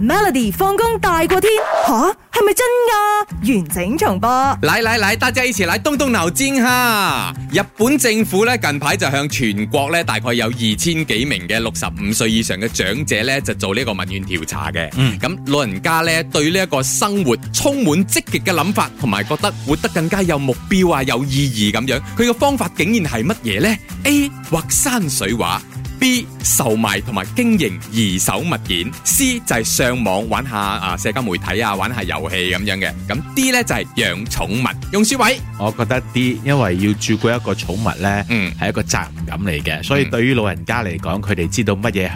Melody 放工大過天吓，係咪真噶，啊？完整重播，來來來，大家一起來動動腦筋哈！日本政府咧，近排就向全國咧，大概有二千幾名嘅六十五歲以上嘅長者咧，就做呢個問卷調查嘅。嗯，咁老人家咧，對呢一個生活充滿積極嘅諗法，同埋覺得活得更加有目標啊，有意義咁樣。佢嘅方法竟然係乜嘢呢？A 畫山水畫。B 售賣同埋經營二手物件，C 就係上網玩下啊社交媒體啊玩下遊戲咁樣嘅，咁 D 呢，就係養寵物。用書位，我覺得 D，因為要照顧一個寵物呢，嗯，係一個責任感嚟嘅，所以對於老人家嚟講，佢哋、嗯、知道乜嘢。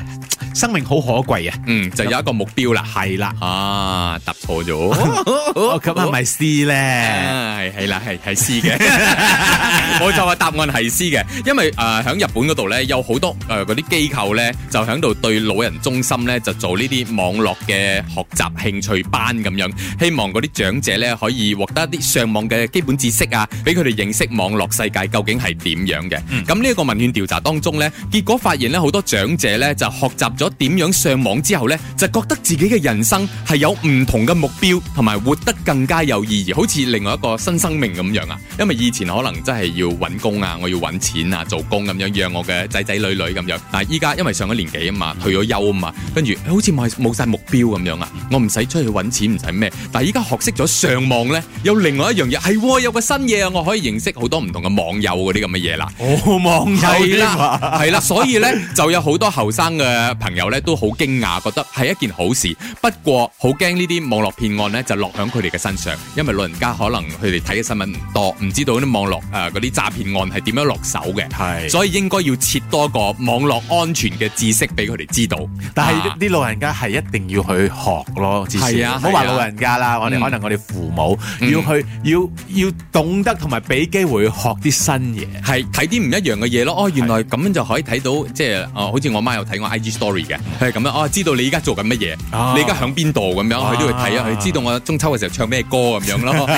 生命好可貴啊！嗯，就有一個目標、嗯、啦，係啦，啊，答錯咗，咁係咪 C 咧？係係啦，係係 C 嘅，C 我就話答案係 C 嘅，因為誒喺、呃、日本嗰度咧，有好多誒嗰啲機構咧，就喺度對老人中心咧，就做呢啲網絡嘅學習興趣班咁樣，希望嗰啲長者咧可以獲得一啲上網嘅基本知識啊，俾佢哋認識網絡世界究竟係點樣嘅。咁呢一個問卷調查當中咧，結果發現咧好多長者咧就學習、啊。咗點樣上網之後呢，就覺得自己嘅人生係有唔同嘅目標，同埋活得更加有意義，好似另外一個新生命咁樣啊！因為以前可能真係要揾工啊，我要揾錢啊，做工咁樣，養我嘅仔仔女女咁樣。但係依家因為上咗年紀啊嘛，退咗休啊嘛，跟住好似冇晒目標咁樣啊！我唔使出去揾錢，唔使咩。但係依家學識咗上網呢，有另外一樣嘢係有個新嘢啊，我可以認識好多唔同嘅網友嗰啲咁嘅嘢啦。哦，網友啦，係點啦，所以呢， 就有好多後生嘅朋友。朋友咧都好驚訝，覺得係一件好事。不過好驚呢啲網絡騙案咧就落響佢哋嘅身上，因為老人家可能佢哋睇嘅新聞唔多，唔知道啲網絡誒啲詐騙案係點樣落手嘅。係是，所以應該要設多個網絡安全嘅知識俾佢哋知道。但係是啲、啊、老人家係一定要去學咯，之前唔好話老人家啦，嗯、我哋可能我哋父母要去、嗯、要要懂得同埋俾機會學啲新嘢，係睇啲唔一樣嘅嘢咯。哦，原來咁樣就可以睇到，即係哦，好似、嗯、我媽有睇過 IG story。嘅係咁樣哦，知道你而家做緊乜嘢？你而家響邊度咁樣？佢都會睇啊！佢知道我中秋嘅時候唱咩歌咁樣咯。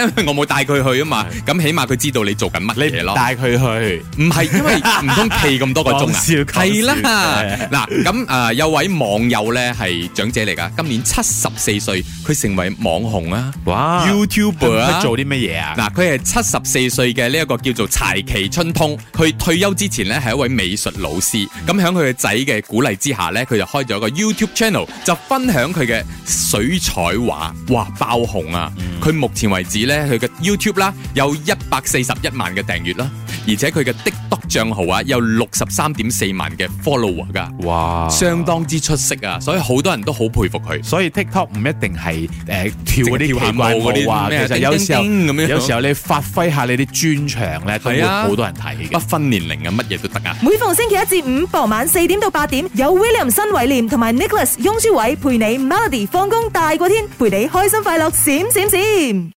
因為我冇帶佢去啊嘛，咁起碼佢知道你做緊乜嘢咯。帶佢去唔係因為唔通企咁多個鐘啊？係啦，嗱咁啊有位網友咧係長者嚟㗎，今年七十四歲，佢成為網紅啊！YouTuber 啊，做啲乜嘢啊？嗱，佢係七十四歲嘅呢一個叫做柴崎春通，佢退休之前咧係一位美術老師，咁喺佢嘅仔嘅鼓勵之之下咧，佢就開咗一個 YouTube channel，就分享佢嘅水彩畫，哇爆紅啊！佢、嗯、目前為止咧，佢嘅 YouTube 啦有一百四十一萬嘅訂閱啦。而且佢嘅 TikTok 賬號啊，有六十三點四萬嘅 follower 噶，哇，相當之出色啊！所以好多人都好佩服佢。所以 TikTok 唔一定係誒、呃、跳嗰啲跳怪舞啊，麼其實有時候咁樣，有時候你發揮下你啲專長咧，都會好多人睇嘅，啊、不分年齡啊，乜嘢都得啊！每逢星期一至五傍晚四點到八點，有 William 新偉廉同埋 Nicholas 雍舒偉陪你 Melody 放工大過天，陪你開心快樂閃閃閃。閃閃閃閃。